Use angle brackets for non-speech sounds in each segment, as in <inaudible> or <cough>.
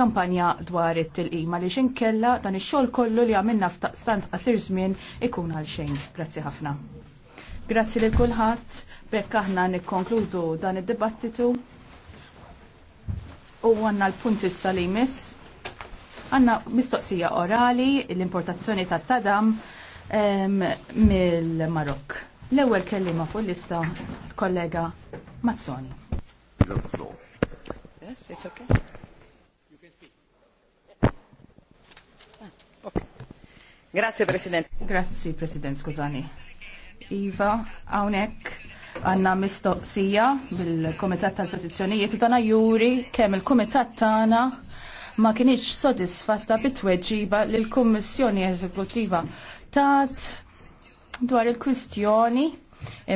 kampanja dwar it-tilqima li xinkella dan ix-xogħol kollu li għamilna f'taqstant qasir żmien ikun għal xejn. Grazzi ħafna. Grazzi lil kulħadd, b'hekk aħna nikkonkludu dan id-dibattitu. U għanna l-punt issa li jmiss. Għanna mistoqsija orali l-importazzjoni ta' tadam mill-Marokk. L-ewwel kellima fuq lista kollega Mazzoni. Yes, it's okay. Grazie, President. Grazie, President, skużani. Iva, għawnek għanna mistoqsija bil-Komitat tal-Petizzjonijiet u tana juri kemm il-Komitat tana ma kienieċ sodisfatta bit-tweġiba l kummissjoni Eżekutiva tat dwar il-kwistjoni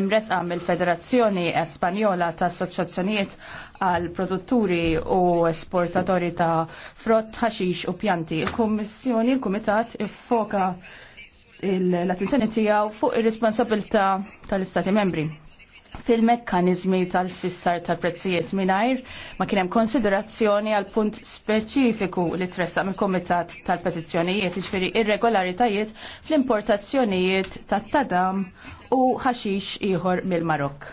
imresqa mill-Federazzjoni Espanjola ta' Assoċjazzjonijiet għal produtturi u esportatori ta' frott, ħaxix u pjanti. Il-Kommissjoni, il-Komitat, foka l-attenzjoni tiegħu fuq ir-responsabilità tal-Istati membri fil-mekkanizmi tal-fissar tal-prezzijiet minajr ma kienem konsiderazzjoni għal punt speċifiku li tressa mill komitat tal-petizzjonijiet iġfiri irregolaritajiet fl-importazzjonijiet tat-tadam u ħaxix ieħor mill-Marokk.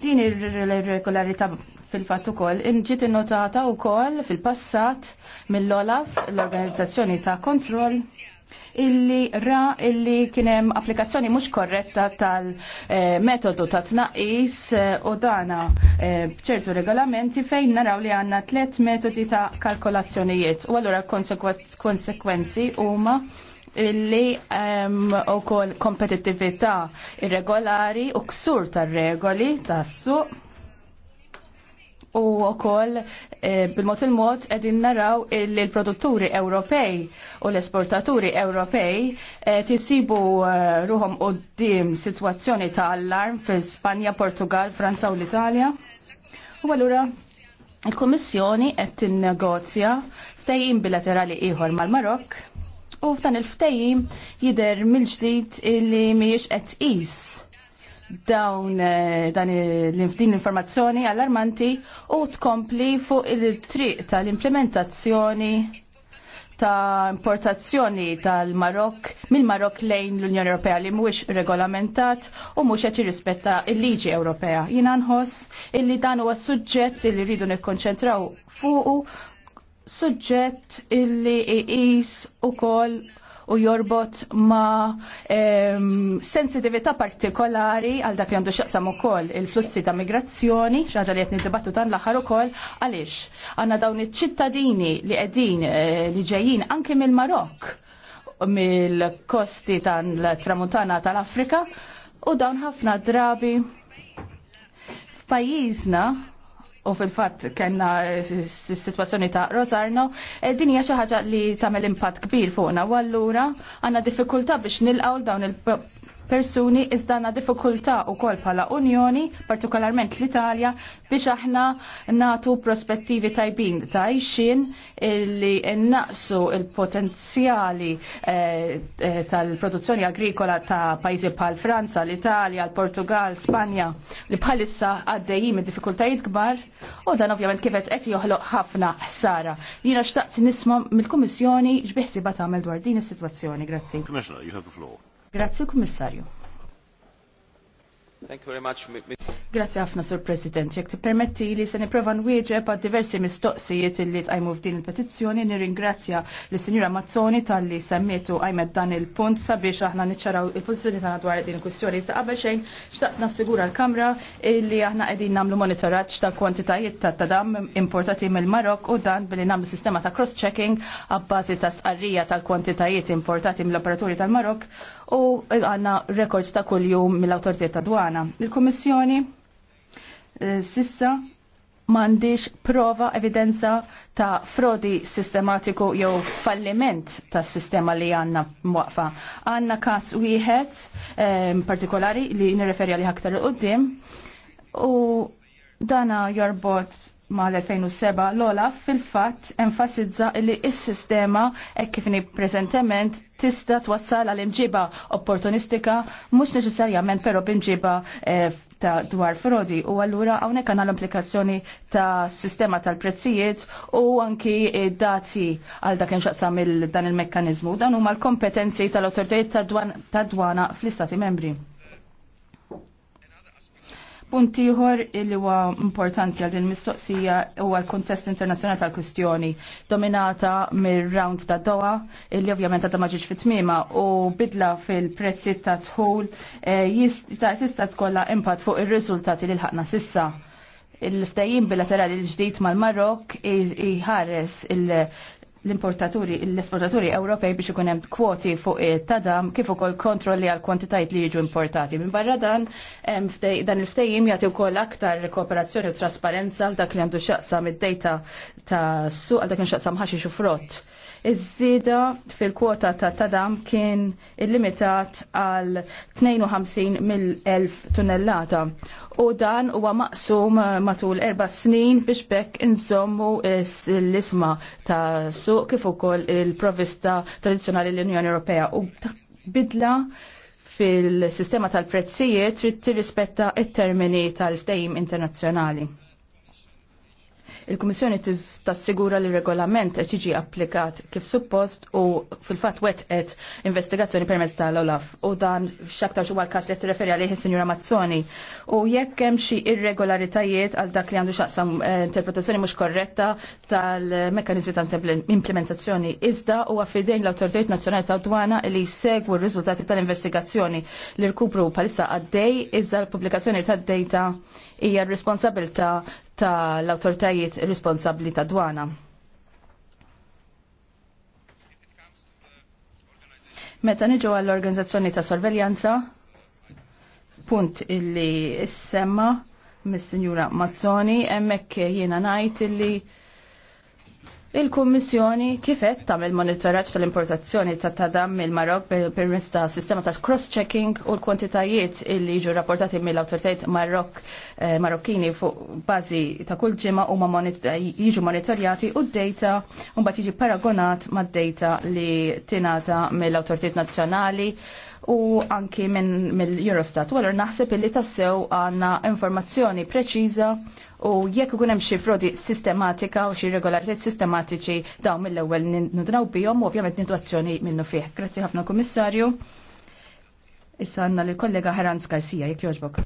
Din ir-regolarità fil-fatt ukoll ġiet innotata wkoll fil-passat mill-Olaf, l-organizzazzjoni ta' kontroll illi ra illi kienem applikazzjoni mhux korretta tal-metodu ta' tnaqqis eh, u dana eh, ċertu regolamenti fejn naraw li għanna tliet metodi ta' kalkolazzjonijiet u allura konsekwenzi huma Illi um, u kol kompetitivita irregolari u ksur tar-regoli tas u wkoll e, bil mot il-mod qegħdin naraw li l-produtturi Ewropej u l-esportaturi Ewropej e, tisibu e, ruhom qudiem sitwazzjoni ta' allarm fi Spanja, Portugal, Franza u l-Italja. U allura il-Kummissjoni qed tinnegozja ftehim bilaterali ieħor mal marok u f'dan il-ftejim jider mill-ġdid li miex qed is dawn eh, dan din l-informazzjoni allarmanti u tkompli fuq il-triq tal-implementazzjoni ta' importazzjoni tal-Marok mill-Marok lejn l-Unjoni Ewropea li mhuwiex regolamentat u mhux qed jirrispetta l-liġi Ewropea. Jien nħoss illi dan huwa suġġett li rridu nikkonċentraw fuqu suġġett illi iqis ukoll u jorbot ma um, sensitivita partikolari għal dak li għandu xaqsam u koll il-flussi ta' migrazzjoni, xaġa li għetni dibattu tan l u koll, għalix għanna dawn iċ-ċittadini li għedin eh, li ġejjin anki mill-Marok, mill-kosti tan tramuntana tal-Afrika u dawn ħafna drabi f'pajjiżna u fil-fatt kena eh, s-situazzjoni ta' Rosarno, eh, din hija xi ħaġa li tagħmel impatt kbir fuqna u allura għandna diffikultà biex nilqgħu dawn il persuni iżda għandna diffikultà wkoll bħala Unjoni, partikolarment l-Italja, biex aħna natu prospettivi tajbin ta' xin illi naqsu il-potenzjali eh, eh, tal-produzzjoni agrikola ta' pajjiżi bħal Franza, l-Italja, l-Portugal, Spanja, li bħalissa għaddejjim diffikultajiet kbar u dan ovvjament kifet qed joħloq ħafna ħsara. Jiena xtaqt nisma' mill-Kummissjoni bat tagħmel dwar din is-sitwazzjoni. Grazzi. Commissioner, you have the floor. Grazzi Kummissarju. Thank you very much. Grazie ħafna, Sur President. Jek permetti li se niprofa nwieġeb għad diversi mistoqsijiet li tqajmu f'din il-petizzjoni, nirringrazzja li Sinjura Mazzoni tal-li semmetu għajmet dan il-punt sabiex aħna niċċaraw il-pozizjoni tagħna dwar din il-kwistjoni. Iżda qabel xejn xtaqt nassigura l-Kamra li aħna qegħdin nagħmlu monitoraġġ ta' kwantitajiet ta' tadam importati mill-Marok u dan billi nagħmlu sistema ta' cross-checking abbażi ta' sqarrija tal-kwantitajiet importati mill-operaturi tal-Marok u għandna records ta' kuljum mill-awtoritiet ta' dwan tagħna. Il-Kummissjoni eh, sissa m'għandix prova evidenza ta' frodi sistematiku jew falliment tas sistema li għandna mwaqfa. Għanna każ wieħed eh, partikolari li nirreferi li aktar il u dana jorbot l 2007 l-Olaf fil-fatt enfasizza li is-sistema hekk kif prezentement tista' twassal għal imġiba opportunistika mhux neċessarjament però bimġiba eh, ta' dwar frodi u allura hawnhekk għandna l-implikazzjoni ta' sistema tal-prezzijiet u anki dati għal dak il dan il-mekkaniżmu dan huma l-kompetenzi tal autoritajiet tad-dwana fl-istati membri. Punt ieħor li huwa importanti għal din mistoqsija huwa l-kuntest internazzjonali tal-kwistjoni dominata mir-round ta' Doha illi ovvjament għadha ma fit-tmiema u bidla fil-prezzi ta' dħul eh, tista' tkollha impatt fuq ir-riżultati li lħaqna sissa il-ftajim bilaterali l-ġdijt mal-Marok iħares l-importaturi, l-esportaturi Ewropej biex ikun hemm kwoti fuq tadam kif ukoll kontrolli għal kwantitajiet li jiġu importati. Minn barra dan dan il-ftejjim jagħti wkoll aktar kooperazzjoni u trasparenza għal dak li għandu xaqsam id-dejta ta' suq għal dak li xaqsam ħaxi xufrott. frott Iż-żieda fil-kwota ta' tadam kien illimitat għal 52 mill-1000 tunnellata u dan huwa maqsum matul erba' snin biex bekk insommu l-isma ta' suq kif ukoll il-provista tradizzjonali l-Unjoni Ewropea u bidla fil-sistema tal-prezzijiet trid tirrispetta t termini tal-ftehim internazzjonali. Il-Kummissjoni tassigura li regolament qed jiġi applikat kif suppost u fil-fatt qed investigazzjoni permezz tal-Olaf u dan x'aktar xi każ li tirreferi għalih is-Sinjura Mazzoni. U jekk hemm xi irregolaritajiet għal dak li għandu x'aqsam eh, interpretazzjoni mhux korretta tal-mekkaniżmi tal-implementazzjoni iżda u għafidejn l-Awtoritajiet Nazzjonali tad-Dwana li jsegwu r-riżultati tal-investigazzjoni li rkupru palissa għaddej iżda l-pubblikazzjoni tad-dejta hija r-responsabilta tal-awtoritajiet responsabbli ta' dwana. Meta niġu għall-organizzazzjoni ta' sorveljanza, punt illi semma mis-Sinjura Mazzoni, hemmhekk jiena ngħid illi Il-Kummissjoni kifet tagħmel monitoraġġ tal-importazzjoni ta' tadam mill-Marok permezz ta' sistema ta' cross-checking u l-kwantitajiet li jiġu rapportati mill-awtoritajiet Marok eh, Marokkini fuq bażi ta' kull ġimma huma jiġu monitorjati u d-data mbagħad jiġi paragonat mad-data li tingħata mill-awtoritajiet nazzjonali u anki minn mill-Eurostat. U għallur naħseb illi tassew għandna informazzjoni preċiża u jekk ikun hemm xi frodi sistematika u xi regolaritet sistematiċi dawn mill-ewwel nudraw bihom u ovvjament nidu azzjoni minnu fih. Grazzi ħafna Kummissarju. Issa għandna lill-kollega Herans Garcia, jekk jogħġbok.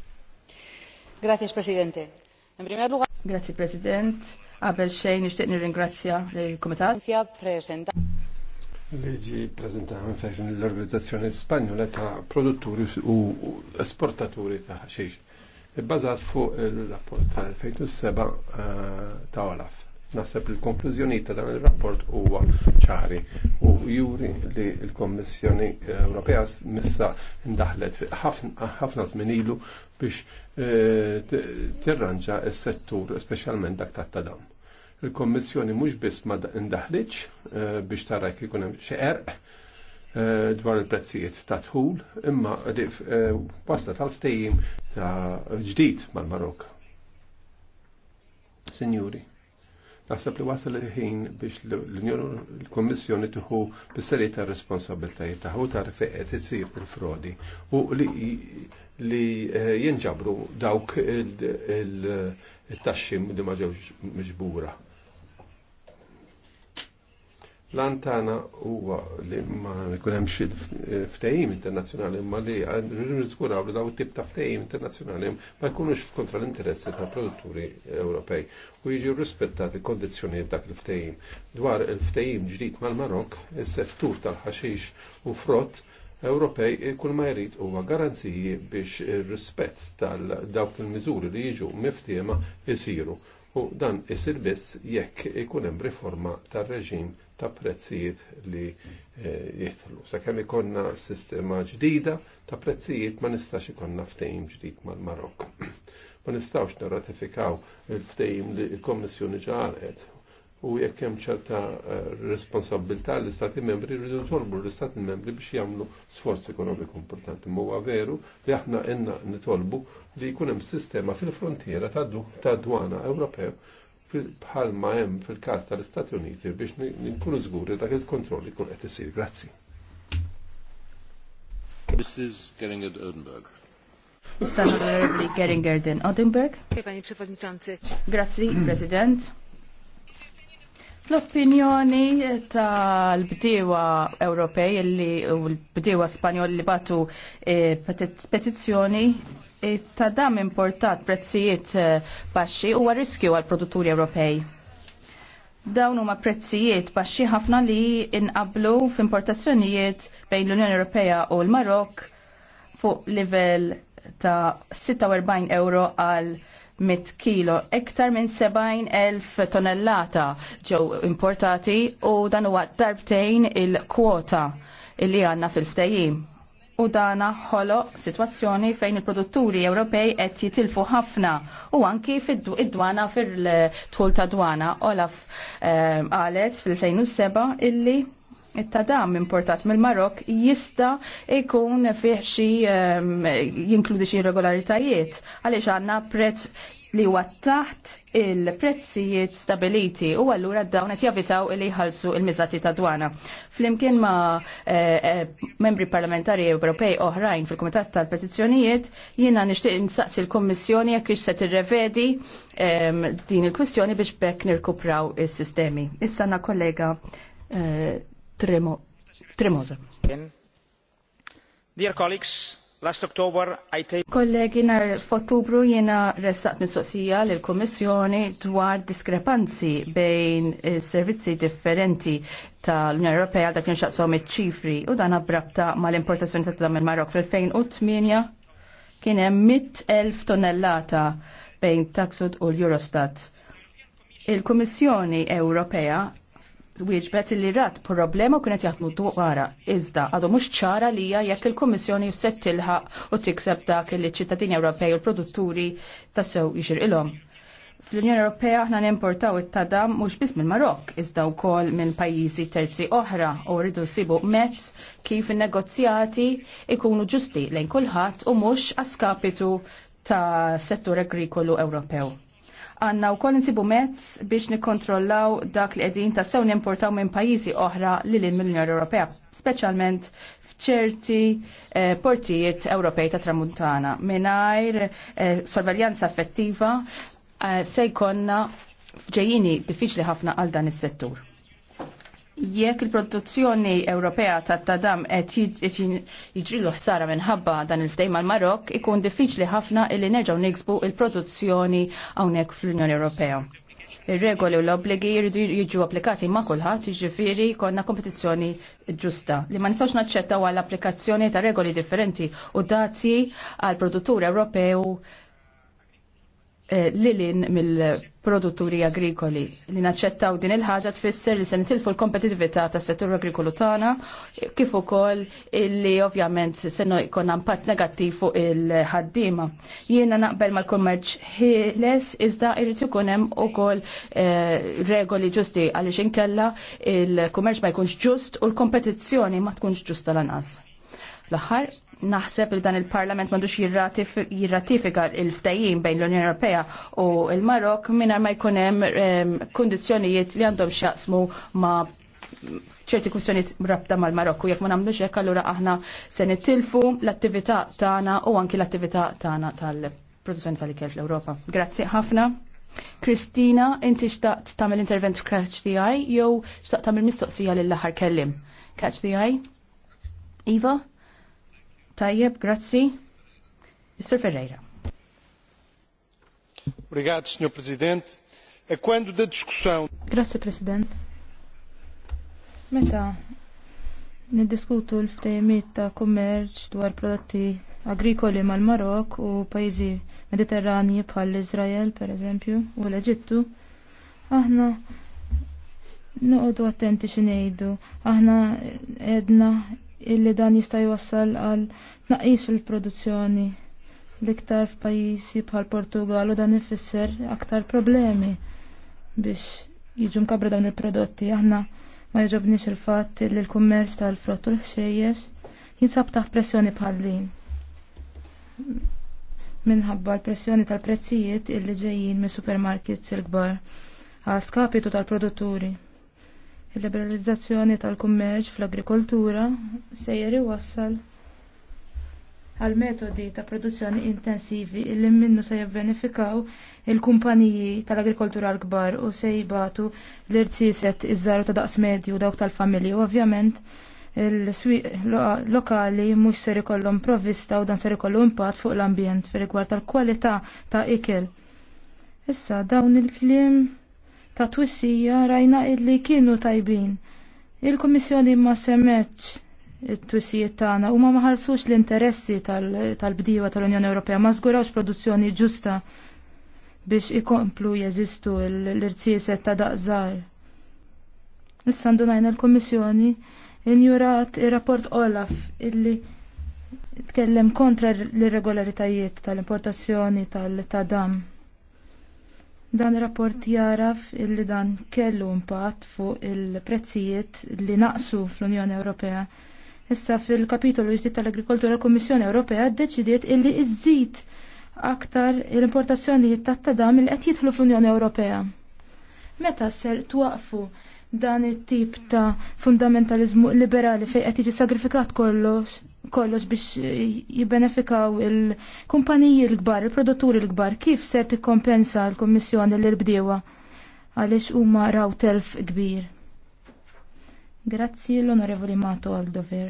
Grazie, Presidente. Grazzi Grazie, President. Qabel xejn nixtieq nirringrazzja lill-Kumitat. Liġi prezentata fejn l-Organizzazzjoni Spanjola ta' produtturi u esportaturi ta' xiex Ibbażat fuq il-rapport tal-2007 eh, ta' Olaf. Naħseb il-konklużjoni ta' dan il-rapport huwa ċari u juri li l-Kommissjoni Ewropea missa ndaħlet ħafna żmien ilu biex eh, tirranġa s-settur, speċjalment dak ta' dam. Il-Kommissjoni mhux biss ma ndaħlitx eh, biex tara jkun hemm xi erq Eh, dwar il-prezzijiet ta' tħul imma eh, wasta tal-ftejjim ta' ġdid mal-Marok. Signori, naħseb li wasal il-ħin biex l-Unjoni l-Kommissjoni tieħu bis ta' responsabiltajiet tagħha tar feqet isir il-frodi u li eh, jinġabru dawk il-taxxi li ma ġewx miġbura. L-Antana huwa li ma jkun hemm xi ftehim internazzjonali imma li nżguraw li daw tip ta' ftehim internazzjonali ma jkunux f'kontra l-interessi ta' produtturi Ewropej u jiġu rispettati kondizzjonijiet dak il-ftehim. Dwar il-ftehim ġdid mal-Marok, is-seftur tal-ħaxix u frott Ewropej kull ma jrid huwa garanziji biex ir-rispett tal-dawk il-miżuri li jiġu miftiema jisiru u dan isir biss jekk ikun hemm riforma tar-reġim ta' prezzijiet li eh, jitlu. Sa' kemm ikonna sistema ġdida ta' prezzijiet ma nistax ikonna ftejim ġdid mal marok <clears throat> Ma nistax nirratifikaw il-ftejim li l komissjoni ġaret u jekk hemm ċerta eh, responsabilità l-istati membri rridu tolbu l-istati membri biex jagħmlu sforz ekonomiku importanti. Ma huwa veru li aħna inna nitolbu li jkun hemm sistema fil-frontiera ta' dwana Ewropew bħalma hemm fil-każ tal-Istati Uniti biex ninkunu żguri dak il kontrolli kun qed isir. Grazzi. Mrs. Geringer Odenberg. Mr. Geringer Den Odenberg. Panie Przewodniczący. Grazie, President. L-opinjoni tal-bdiewa Ewropej li u l-bdiewa Spanjol li batu e, petizzjoni e, ta' dam importat prezzijiet e, baxxi huwa riskju għal produtturi Ewropej. Dawn huma prezzijiet baxxi ħafna li inqablu f'importazzjonijiet bejn l-Unjoni Ewropea u l-Marok fuq livell ta' 46 euro għal mit kilo, iktar minn 70.000 tonnellata ġew importati u dan huwa darbtejn il-kwota li għanna fil-ftejjim. U dana ħolo situazzjoni fejn il-produtturi Ewropej qed jitilfu ħafna u anki fid-dwana fil-tul ta' dwana. Olaf qalet eh, fil-2007 illi it-tadam importat mill-Marok jista' jkun fih xi ehm, jinkludi xi irregolaritajiet għaliex għandna prezz li huwa taħt il-prezzijiet stabiliti u allura dawn qed javitaw li jħallsu il-miżati ta' dwana. Flimkien ma' eh, eh, membri parlamentari Ewropej oħrajn fil-Kumitat tal-Petizzjonijiet jiena nixtieq insaqsi l-Kummissjoni jekk ix se tirrevedi ehm, din il-kwistjoni biex bekk nirkupraw is-sistemi. Issa na kollega eh, Tremosa. Dear colleagues, last October I take... Kollegi, nar f'Ottubru jena ressaqt mistoqsija l kommissjoni dwar diskrepanzi bejn servizzi differenti tal-Unjoni Ewropea dak xaqsom iċ-ċifri u dan abrabta mal-importazzjoni ta' tlam il-Marok fil-2008 kien hemm 100,000 tonnellata bejn Taxud u l-Eurostat. Il-Kummissjoni Ewropea wieġbet li rat problema kienet jaħdmu dwara. Iżda għadu mhux ċara li hija jekk il-Kummissjoni se tilħaq u tikseb dak li ċittadini Ewropej u l-produtturi tassew ilhom. Fl-Unjoni Ewropea aħna nimportaw it-tadam mhux biss mill-Marokk, iżda wkoll minn pajjiżi terzi oħra u rridu sibu mezz kif in-negozjati ikunu ġusti lejn kulħadd u mhux għaskapitu ta' settur agrikolu Ewropew għanna u koll nsibu mezz biex nikontrollaw dak li għedin ta' sew importaw minn pajizi oħra li l mill-Unjoni Ewropea, specialment fċerti eh, portijiet Ewropej ta' tramuntana. Minajr eh, sorveljanza effettiva eh, se ġejjini diffiċli ħafna għal dan is-settur jekk il-produzzjoni Ewropea ta' tadam qed jiġrilu ħsara minħabba dan il-ftejn mal-Marok, ikun diffiċli ħafna li nerġgħu niksbu il-produzzjoni hawnhekk fl-Unjoni Ewropea. Ir-regoli u l-obbligi jridu jiġu applikati ma' kulħadd, jiġifieri konna kompetizzjoni ġusta. Li ma nistgħux naċċettaw għall applikazzjoni ta' regoli differenti u dazji għal produttur Ewropew Eh, lilin mill-produtturi agrikoli. Li naċċettaw din il-ħaġa tfisser li se nitilfu l-kompetitività tas settur agrikolu tagħna kif ukoll illi ovvjament se jkollna impatt negattiv fuq il-ħaddiema. Jiena naqbel mal-kummerċ ħieles iżda jrid ikun hemm ukoll eh, regoli ġusti għaliex inkella il-kummerċ ma jkunx ġust u l-kompetizzjoni ma tkunx ġusta lanqas. L-aħħar naħseb li dan il-Parlament mandux jirratifika il-ftajim bejn l-Unjoni Ewropea u il-Marok minna ma jkunem kondizjonijiet li għandhom xaqsmu ma ċerti kwistjonijiet rabta mal-Marokku jekk ma nagħmlux hekk allura aħna se nittilfu l-attività tagħna u anki l-attività tagħna tal-produzzjoni tal-ikel fl-Ewropa. Grazzi ħafna. Kristina, inti xtaqt tagħmel intervent f'Catch the Eye jew xtaqt tagħmel mistoqsija lill-aħħar kellim. Catch the Eye? Iva? Tajjeb, grazzi. Sir Ferreira. Obrigado, Sr. Presidente. É quando da discussão. Grazie, President. Meta niddiskutu l-ftejmiet ta' kummerċ dwar prodotti agrikoli mal-Marok u pajjiżi mediterrani bħal Izrael, per eżempju, u l-Eġittu, aħna noqogħdu attenti x'ngħidu, aħna edna illi dan jista' jwassal għal tnaqqis fil-produzzjoni l-iktar f'pajjiżi bħal Portugal u dan ifisser aktar problemi biex jiġu mkabra dawn il-prodotti. Aħna ma jġobniex il-fatt li l kummerz tal-frott u l-ħxejjex jinsab taħt pressjoni bħal din. Minħabba l-pressjoni tal-prezzijiet illi ġejjin mis supermarkets il-kbar għal skapitu tal-produtturi. Il-liberalizzazzjoni tal-kummerċ fl-agrikoltura se jeri iwassal għal metodi ta' produzzjoni intensivi illi minnu se jivvenifikaw il-kumpaniji tal-agrikoltura l-kbar u se jibatu l-irtsiset iż-żaru ta' daqs medju dawk tal-familji u ovvjament il swieq lokali mhux ser ikollhom provvista u dan ser ikollu impatt fuq l-ambjent fir rigward tal-kwalità ta' ikel. Issa dawn il-kliem ta' twissija rajna illi kienu tajbin. Il-Komissjoni ma semmetx it-twissijiet tagħna u ma maħarsux l-interessi tal-bdiewa tal-Unjoni Ewropea ma żgurawx produzzjoni ġusta biex ikomplu jeżistu l-irtieset ta' daqżar. Issa ndunajna l-Komissjoni injurat ir-rapport Olaf illi tkellem kontra l-irregolaritajiet tal-importazzjoni tal-tadam. Dan ir-rapport jaraf illi dan kellu impatt fuq il-prezzijiet li naqsu fl-Unjoni Ewropea. Issa fil-kapitolu ġdid tal-Agrikoltura Kummissjoni Ewropea ddeċidiet illi żżid aktar l-importazzjonijiet tat-tadam li qed jidħlu fl-Unjoni Ewropea. Meta ser twaqfu dan it-tip ta' fundamentalizmu liberali fejn qed jiġi sagrifikat kollox kollox biex jibbenefikaw il-kumpaniji l-kbar, il-produtturi l-kbar, kif ser tikkompensa l-Kommissjoni l bdiewa għaliex huma raw telf kbir. Grazzi l-Onorevoli Mato għal dover.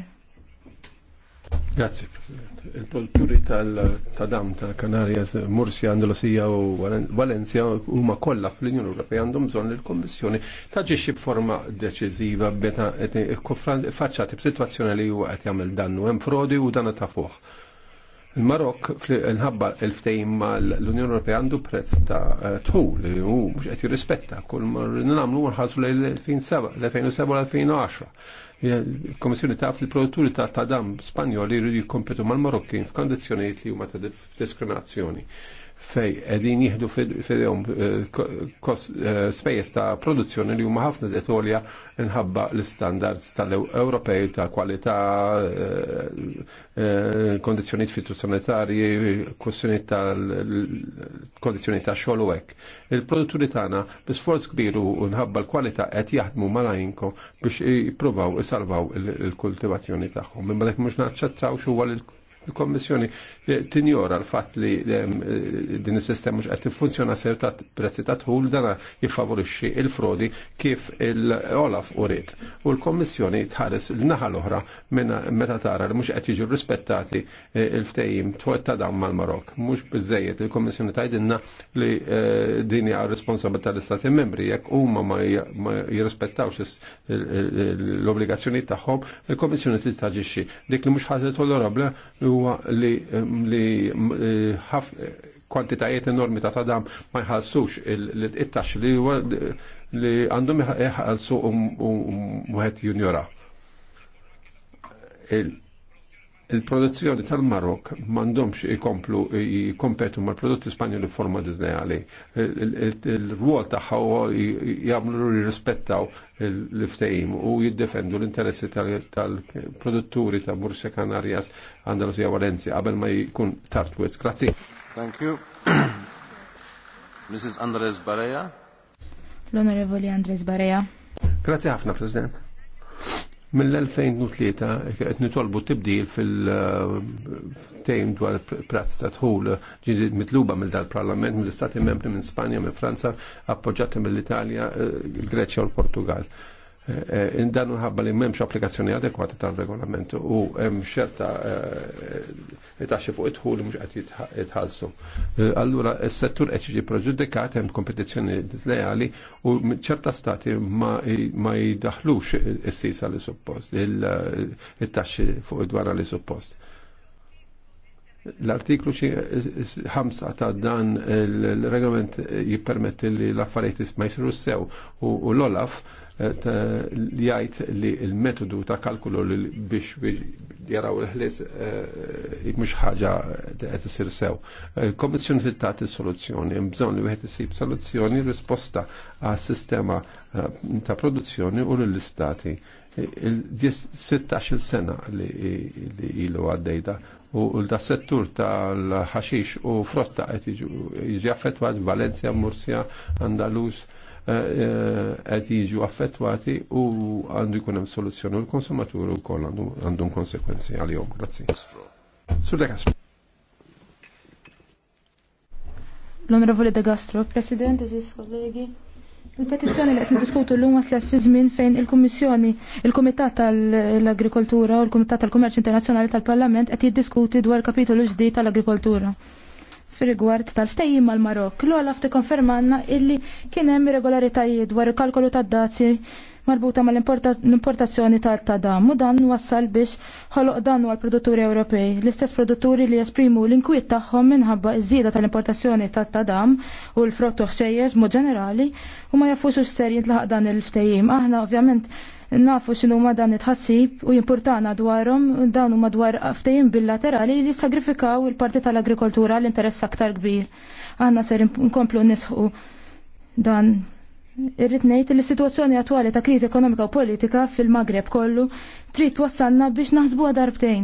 Grazie, President. Il-polturi tal-tadam tal Canarias, Mursia, Andalusia u Valencia huma kollha fl-Unjoni Ewropea għandhom bżonn il-Kommissjoni taġixxi b'forma deċiżiva meta faċċati b'sitwazzjoni li huwa qed jagħmel dannu hemm frodi u dan ta' fuq. Il-Marok nħabba il-ftejn ma l-Unjoni Ewropea għandu prezz ta' tħul li mhux qed jirrispetta kull mar nagħmlu nħarsu l-2007 l-2010 Il-Komissjoni taf il produtturi ta' tadam Spanjoli jridu jikkompetu mal-Marokkin f'kondizzjonijiet li huma ta' diskriminazzjoni fej edin jihdu fil-jom eh, eh, spejjeż ta' produzzjoni li huma ħafna zet olja nħabba l-standards tal-Ewropej ta' kwalità, eh, kondizjoniet fitosanitarji, kwestjoniet tal-kondizjoniet ta' xogħol u hekk. Il-produtturi tagħna bi sforz kbir u nħabba l-kwalità qed jaħdmu malajnko biex jippruvaw isalvaw il-kultivazzjoni tagħhom. Imma dak mhux naċċettaw xuwa il-Kommissjoni tinjora l-fatt li eh, din is-sistema mhux qed tiffunzjona sew ta' prezzi ta' tħul dana jiffavorixxi il-frodi kif il-Olaf uriet. U l-Kommissjoni tħares l-naħa l-oħra meta tara li mhux qed jiġu rispettati eh, il-ftehim ta' dan mal-Marok. Mhux biżejjed il-Kommissjoni tgħidilna li eh, din hija responsabilità tal-Istati membri jekk huma ma jirrispettawx l obligazzjoni tagħhom, il-Kommissjoni tista' dik li mhux ħaġa tollerabbli u huwa li li eh, kwantitajiet enormi ta' tadam ma jħassux il ittax li huwa li għandhom jħassu u mwħed juniora il-produzzjoni tal-Marok mandomx ikomplu ikompetu mal prodotti spanjoli forma diznejali. Il-ruol taħħa jamlu jirrispettaw l-ftejim u jiddefendu l-interessi tal-produtturi ta' Murcia Canarias, Andalusia Valencia, għabel ma jkun tartwis. Grazie. Thank you. <clears throat> Mrs. Andres Barea. L-Onorevoli Andres Barea. Grazie ħafna, President. Mill-2003 qed nitolbu tibdil fil tejn dwar prazz ta' tħul ġi mitluba mill dal-Parlament, mill-Istati Membri, minn Spanja, minn Franza, appoġġati mill-Italja, il-Greċja u l-Portugal. Eh, eh, dan unħabba li memx applikazzjoni adekwata tal-regolament u hemm xerta eh, taxxi fuq li mhux qed jitħallsu. Allura s-settur qed jiġi proġudikat hemm kompetizzjoni disleali u ċerta stati ma jidaħlux is-sisa li suppost, il-taxxi fuq id-dwar li suppost l-artiklu 5 ta' dan il-regolament jippermetti li l-affarijiet ma jisiru sew u l-Olaf Eh, li jgħid li il metodu ta' kalkulu li biex jaraw l-ħlis eh, mhux għet s-sir sew. Eh, Kommissjoni li tagħti soluzzjoni, mbżon li għet s-sib soluzzjoni risposta għas sistema ta' produzzjoni u l-istati. Il-16 sena li ilu għaddejda u l da settur tal-ħaxix u frotta qed jiġi affettwat Valencia, Mursja, Andalus, Eh, eh, qed jiġu affettwati u għandu jkun hemm soluzzjoni u l-konsumaturi wkoll għandhom konsekwenzi għalihom. Grazzi. Sur De Castro. L-Onorevoli De Castro, President, eżis kollegi. Il-petizzjoni li qed niddiskutu llum waslet fi żmien fejn il-Kummissjoni, il-Kumitat tal-Agrikoltura u l-Kumitat tal-Kummerċ Internazzjonali tal-Parlament qed jiddiskuti dwar kapitolu ġdid tal-Agrikoltura fil-rigward tal-ftejjim mal-Marok. L-għala konfermanna illi kien hemm irregolaritajiet dwar il-kalkolu tad dazi marbuta mal-importazzjoni tal-tadam u dan wassal biex ħoloq dan għal produtturi Ewropej. L-istess produtturi li jesprimu l-inkwiet tagħhom minħabba iż-żieda tal-importazzjoni tal-tadam u l-frottu ħxejjeż mod ġenerali u ma jafux u ser jintlaħaq dan il-ftejjim. Aħna ovvjament nafu xinu ma dan it-ħassib u jimportana dwarom dan u madwar ftejn bilaterali li sagrifikaw il-parti tal-agrikoltura l-interess aktar kbir. Għanna ser nkomplu nisħu dan Irrid ngħid li situazzjoni sitwazzjoni attwali ta' kriżi ekonomika u politika fil-Magreb kollu trid wassalna biex naħsbuha darbtejn.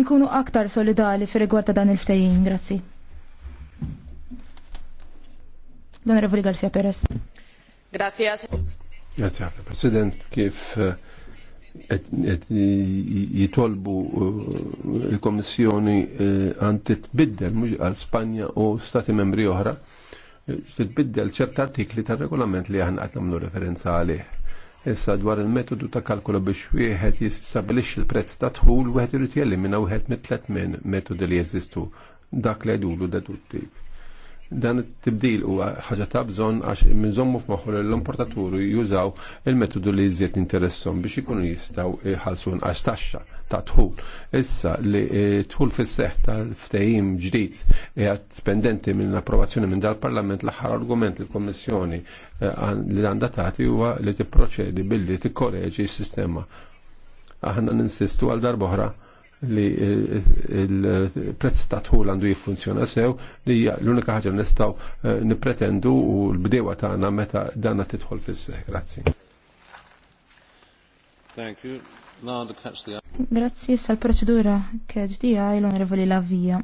Inkunu aktar solidali fi rigward ta' dan il-ftehim, grazzi. Don Revoli Garcia Perez. Grazie. Grazie ħafna, President. Kif eh, jitolbu eh, il-Komissjoni eh, għanti tbiddel għal Spanja u Stati membri oħra, tbiddel ċert artikli tar regolament li aħna qed nagħmlu referenza għalih. Issa dwar il-metodu ta' kalkolo biex wieħed jistabilix l-prezz ta' dħul wieħed irid jellimina wieħed mit-tlet metodi li jeżistu dak li jdulu da' tutti. Dan it-tibdil huwa ħaġa ta' bżonn għax minżommu f'moħħu l-importaturi jużaw il-metodu li jżiet interessom biex ikunu jistgħu jħallsu nqas taxxa ta' tħul. Issa li tħul eh, fis-seħħ tal-ftehim ġdid qiegħed eh, pendenti minn approvazzjoni minn dal-Parlament l-aħħar argument il-Kommissjoni eh, li għandha tagħti huwa li tipproċedi billi tikkoreġi s-sistema. Aħna ninsistu għal darboħra oħra li il-prezz ta' tħul għandu jiffunzjona sew li l-unika ħaġa nistgħu eh, nippretendu u l-bdewa tagħna meta danna tidħol fis-seħ. Grazzi. Thank you. Now to catch the Grazzi sal-proċedura KHDI l-Onorevoli Lavija.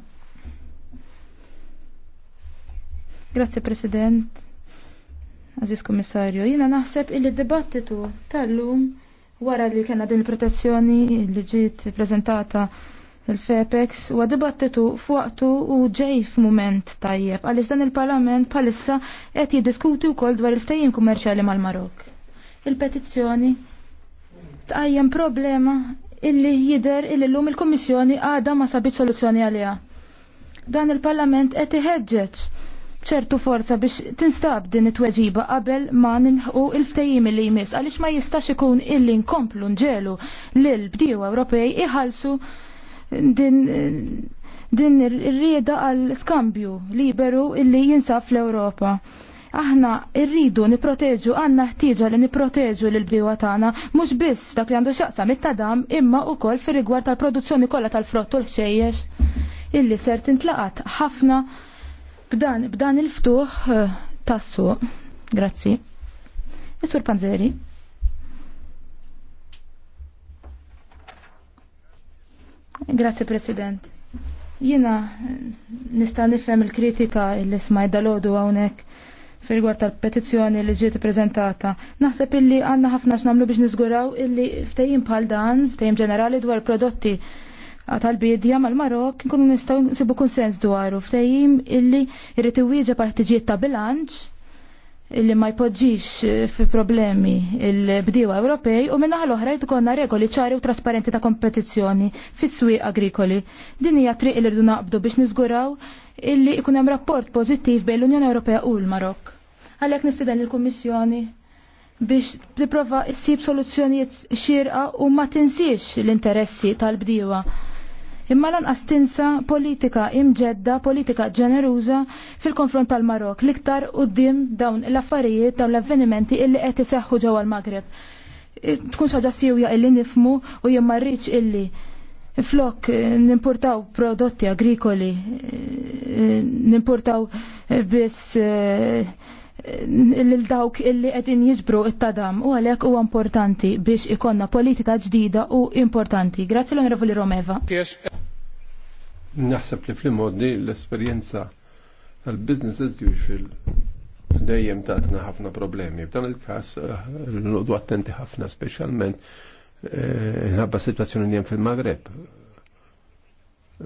Grazzi President, Aziz Komissarju, jina naħseb il-dibattitu tal-lum wara li kena din protezzjoni li ġiet prezentata il-FEPEX u dibattitu fuqtu u ġej f'mument tajjeb għaliex dan il-Parlament palissa qed jiddiskuti wkoll dwar il-ftejjin kummerċjali mal-Marok. Il-petizzjoni tqajjem problema illi jider illi l-lum il-Kummissjoni għadha ma sabit soluzzjoni għaliha. Dan il-Parlament qed iħeġġeġ ċertu forza biex tinstab din it-tweġiba qabel ma ninħu il ftajim li jmiss għaliex ma jistax ikun illi nkomplu nġelu l bdiew Ewropej iħalsu din din ir-rieda għal skambju liberu illi jinsab fl-Ewropa aħna irridu niproteġu, għanna ħtieġa li niproteġu l-bdiewa tagħna mhux biss dak li għandu xaqsa mit-tadam imma wkoll fir rigward tal-produzzjoni kollha tal-frott u l-ħxejjex illi ser tintlaqat ħafna B'dan, b'dan il-ftuħ eh, tassu, grazzi. Is-Sur Panzeri. Grazzi President. Jina eh, nista' nifhem il-kritika li dal dalodu hawnhekk fil-gwar tal-petizzjoni li ġiet prezentata. Naħseb illi għandna ħafna x'namlu biex niżguraw illi ftehim bħal dan, ftehim ġenerali dwar prodotti tal-bidja mal-Marok nkunu nistgħu nsibu konsens dwaru ftehim illi jrid iwieġeb partiġijiet ta' bilanċ illi ma jpoġġix eh, fi problemi il bdiwa Ewropej u minna l-oħra jrid ikollna regoli ċari u trasparenti ta' kompetizzjoni fis-swieq agrikoli. Din hija triq li rridu naqbdu biex niżguraw illi ikun hemm rapport pożittiv bejn l-Unjoni Ewropea u l-Marok. Għalhekk nistieden il-Kummissjoni biex tipprova ssib soluzzjonijiet xirqa u ma tinsiex l-interessi tal-bdiewa imma lanqas tinsa politika imġedda, politika ġeneruża fil-konfront tal-Marok liktar qudiem dawn l-affarijiet dawn l-avvenimenti illi qed iseħħu ġewwa l-Magreb. Tkun xaġa siwja illi nifmu u jien rriċ illi flok eh, nimportaw prodotti agrikoli, eh, eh, nimportaw biss l-dawk illi għedin jiġbru it-tadam u għalhekk huwa importanti biex ikonna politika ġdida u importanti. Grazzi l-Onorevoli Romeva. Naħseb li fl-modi l-esperjenza tal-business as usual dejjem tatna ħafna problemi. F'dan il-każ l-nodu eh, attenti ħafna speċjalment eh, ħabba situazzjoni li fil-Magreb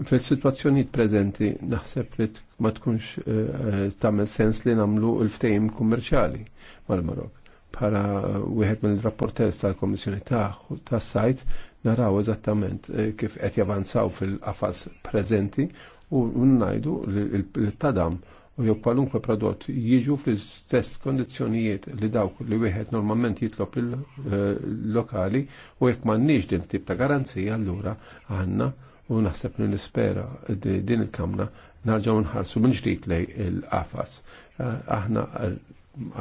Fil-situazzjoniet prezenti naħseb li ma tkunx eh, eh, tagħmel sens li nagħmlu l-ftehim kummerċjali mal-Marok. Para eh, wieħed mill-rapporters tal-Komissjoni tas-sajt naraw eżattament kif qed javanzaw fil-qafas preżenti u ngħidu l-tadam u jew kwalunkwe prodott jiġu fl-istess kondizzjonijiet li dawk li wieħed normalment jitlob il-lokali u jekk m'għandniex din tip ta' garanzija allura għandna u naħseb li nispera din il-kamna narġaw nħarsu minn ġdid lej il-qafas. Eh, aħna eh,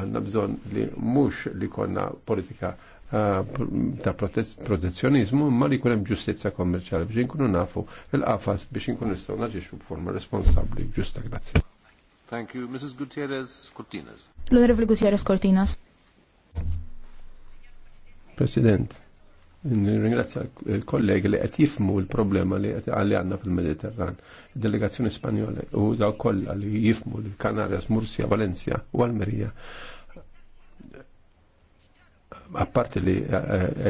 għanna bżon li mux li konna politika eh, ta' protezzjonizmu ma li kunem ġustizza kommerċali biex nkunu nafu il-qafas biex nkunu nistgħu naġixu b'forma responsabbli ġusta grazzi. Thank you, Mrs. Gutierrez Cortinas. L-Onorevole Gutierrez Cortines. President, Ringrazzja l-kollegi li qed jifmu l-problema li qed għalli għandna fil-Mediterran. Delegazzjoni Spanjola u daw kollha li jifmu l-Kanarias, Mursja, Valencia u Almerija. Apparti li eh,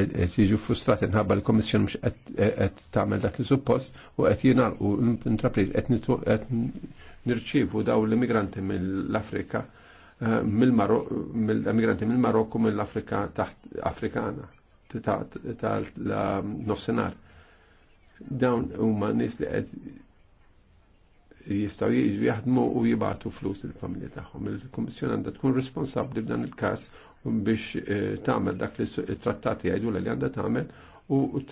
eh, qed jiġu frustrati nħabba l-Kommissjoni mhux qed eh, tagħmel dak il suppost u qed jingħalqu u intrapriż qed nirċievu daw l-immigranti mill-Afrika mill-Marokku mill-Afrika taħt Afrikana tal-nofsenar. Dawn huma nies li qed jistgħu jiġu jaħdmu u jibatu flus il-familja tagħhom. Il-Kummissjoni għandha tkun responsabbli f'dan il-każ biex eh, tagħmel dak li trattati jgħidu li għandha tagħmel u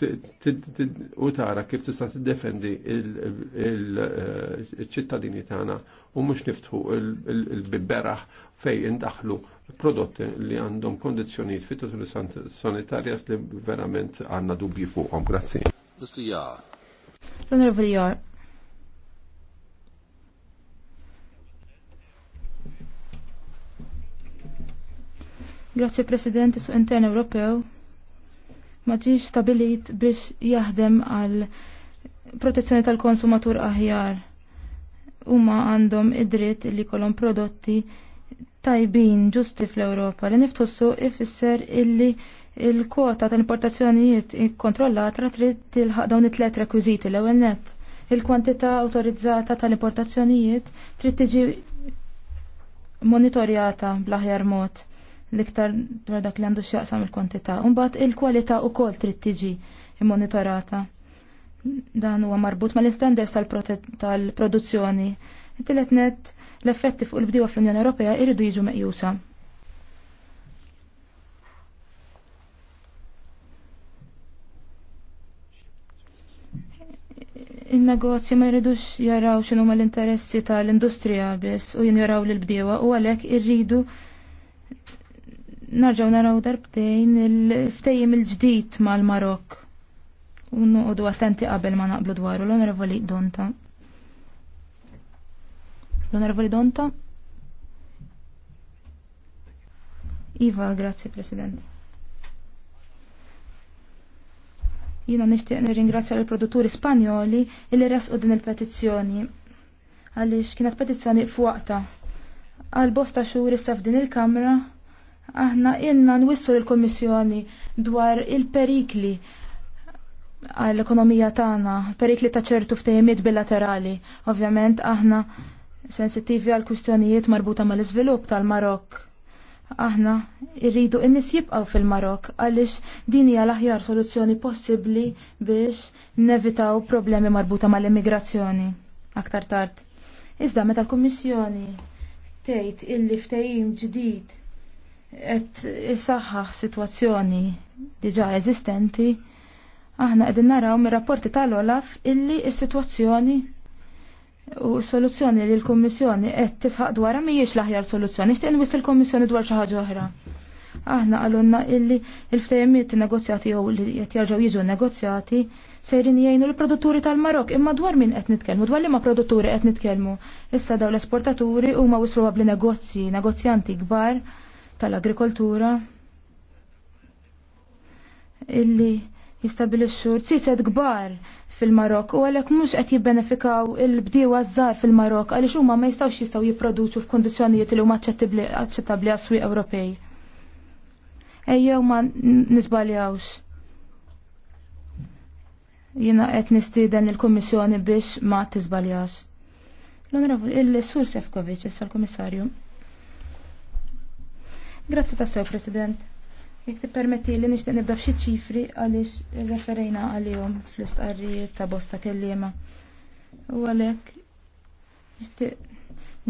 tara kif tista' tiddefendi il-ċittadini eh, tagħna u mhux niftħu il biberaħ fej indaħlu prodotti li għandhom kondizzjonijiet fit sanitarja li verament għandna dubji fuqhom. Grazzi. Mr. Jar. Jar, Grazie Presidente su Interno Europeo ma ġiex stabilit biex jaħdem għal protezzjoni tal-konsumatur aħjar. Uma għandhom id-dritt li kolom prodotti tajbin ġusti fl-Ewropa li niftussu ifisser illi il-kwota tal-importazzjonijiet kontrollat ra trid tilħaq dawn it-tlet rekwiżiti l-ewwel nett. Il-kwantità awtorizzata tal-importazzjonijiet trid tiġi monitorjata bl-aħjar mod l-iktar dwar dak li għandu x'jaqsam il-kwantità. Imbagħad il-kwalità wkoll trid tiġi immonitorata. Dan huwa marbut mal-istandards tal-produzzjoni. Tilet net l-effetti fuq il-bdiewa fl-Unjoni Ewropea jridu jiġu meqjusa. il-negozji ma jridux jaraw xinu ma l-interessi tal-industrija biss u jinjaraw l-bdiewa u għalek irridu narġaw naraw darbtejn il ftejim il-ġdid mal-Marok. U noqogħdu attenti qabel ma naqblu dwaru l-Onorevoli Donta. L-Onorevoli Donta? Iva, grazie, President. Jina nishtiq nirringrazzja l-produtturi Spanjoli illi resqu din il-petizzjoni għaliex kienet petizzjoni fuqta għal bosta xhur issa f'din il-kamra Aħna inna nwissu l-Komissjoni dwar il-perikli għall-ekonomija tagħna, perikli ta' ċertu ftehimiet bilaterali. Ovvjament aħna sensittivi għal kwistjonijiet marbuta mal-iżvilupp tal-Marok. Aħna irridu in jibqgħu fil-Marok għaliex din hija l-aħjar soluzzjoni possibbli biex nevitaw problemi marbuta mal-immigrazzjoni aktar tard. Iżda meta l-Kummissjoni tgħid illi ftehim ġdid qed isaħħaħ sitwazzjoni diġà eżistenti, aħna qegħdin naraw mir-rapporti tal-Olaf illi s-sitwazzjoni U soluzzjoni li l-Kommissjoni qed tisħaq dwarha mhijiex l-aħjar soluzzjoni, xtieq inwiss il-Kommissjoni dwar xi ħaġa oħra. Aħna għalunna illi l-ftejmiet negozjati jew li qed jerġgħu jiġu negozjati sejrin jgħinu l-produtturi tal-Marok imma dwar min qed nitkellmu, dwar liema produtturi qed nitkellmu. Issa daw l-esportaturi huma wis negozji, negozjanti kbar tal-agrikoltura illi xur tsiset kbar fil-Marok u għalhekk mhux qed jibbenefikaw il-bdiewa żgħar fil-Marok għaliex huma ma jistgħux jistgħu jipproduċu f'kundizzjonijiet li huma aċċettabbli għas-swieq Ewropej. Ejjew ma nisbaljawx. Jiena qed nistieden il-Kummissjoni biex ma tiżbaljax. L-Onorevoli il-Sur Sefkovic, jessal l-Kummissarju. Grazzi sew, President. Jek ti permetti li nishtiq nibda f'xi ċifri għaliex referejna għalihom fl-istqarrijiet ta' bosta kelliema. U għalhekk nixtieq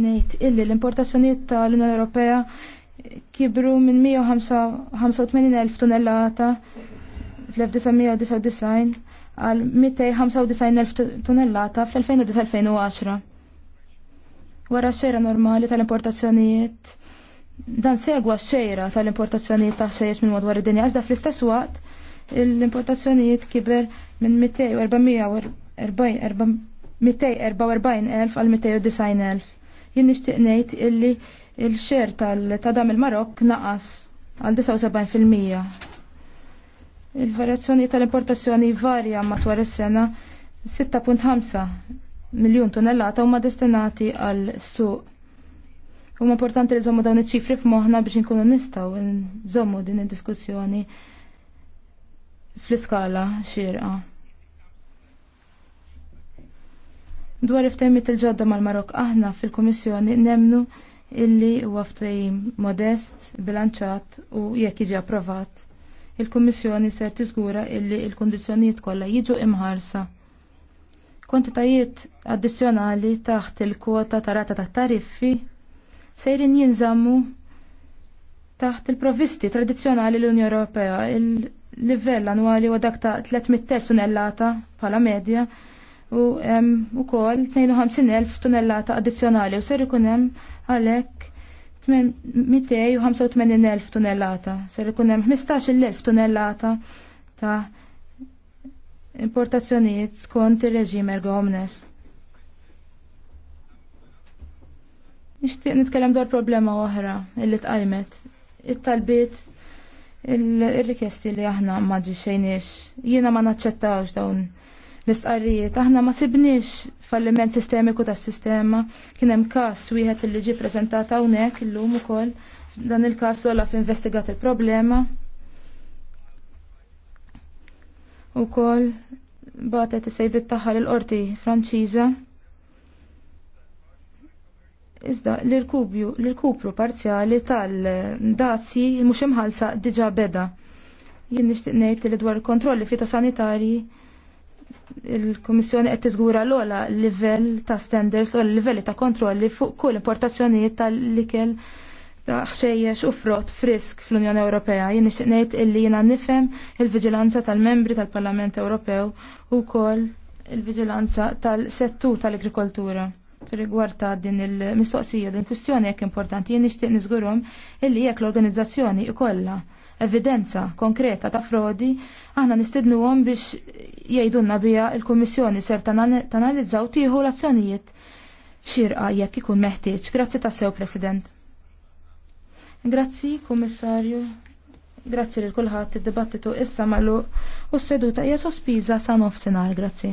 ngħid illi l-importazzjonijiet tal-Unjoni Ewropea kibru minn 185,000 tonnellata fl-1999 għal 295,000 tonnellata fl-2010. Wara xera normali tal-importazzjonijiet Dan segwa xejra tal-importazzjonijiet ta' xejjex minn madwar id-dinja, Għazda fl-istess waqt l-importazzjonijiet kiber minn 244,000 għal 290,000. Jien nixtieq ngħid illi il-xer ta' dam il-Marok naqas għal 79%. Il-varjazzjoni tal-importazzjoni varja matwar is-sena 6.5 miljun tonnellata huma destinati għal suq. Huma importanti li zommu dawn iċ-ċifri f'moħħna biex inkunu nistgħu nżommu din id-diskussjoni fl-iskala xirqa. Dwar iftejmit il-ġodda mal-Marok aħna fil-Kummissjoni nemnu illi huwa ftehim modest, bilanċat u jekk jiġi approvat. Il-Kummissjoni ser tiżgura illi l-kundizzjonijiet kollha jiġu imħarsa kwantitajiet addizzjonali taħt il-kwota ta' rata ta' tariffi sejrin jinżammu taħt il-provisti tradizzjonali l-Unjoni Ewropea. Il-livell annwali huwa dak ta' 300.000 tunellata bħala medja u hemm ukoll 52.000 tunellata addizzjonali u ser ikun hemm għalhekk 285.000 tunellata. Ser ikun hemm 15.000 tunellata ta' importazzjonijiet skont ir-reġim ergo omnes. Nixtieq nitkellem dwar problema oħra illi tqajmet. It-talbiet il rikesti li aħna ma ġixejniex. Jiena ma naċċettawx dawn l-istqarrijiet. Aħna ma sibniex falliment sistemiku tas-sistema. Kien hemm każ wieħed li ġie preżentat hawnhekk illum ukoll. Dan il-każ Olaf investigat il-problema. Ukoll batet isejbit tagħha lill qorti Franċiża Iżda l-irkupru parzjali tal-dazzi mhux imħalsa diġà beda. Jien nixtieq ngħid li dwar kontrolli fitosanitarji il-Kummissjoni qed tiżgura l-ola livell ta' standards, l-ola livelli ta' kontrolli fuq kull importazzjonijiet tal-likel ta' ħxejjex u frott frisk fl-Unjoni Ewropea. Jien nixtieq ngħid illi jiena nifhem il-viġilanza tal-membri tal-Parlament Ewropew u wkoll il-viġilanza tal-settur tal-agrikoltura. tal settur tal agrikoltura rigward ta' din il-mistoqsija din kwistjoni jekk importanti jien nixtieq niżgurhom illi jekk l-organizzazzjoni ikollha evidenza konkreta ta' frodi aħna nistidnuhom biex jgħidulna biha il-Kummissjoni ser tanalizzaw tieħu l-azzjonijiet xirqa jekk ikun meħtieġ. Grazzi tassew, President. Grazzi, Kummissarju. Grazzi lil kulħadd id-dibattitu issa magħluq u s-seduta hija sospiża sa nofsinhar, grazzi.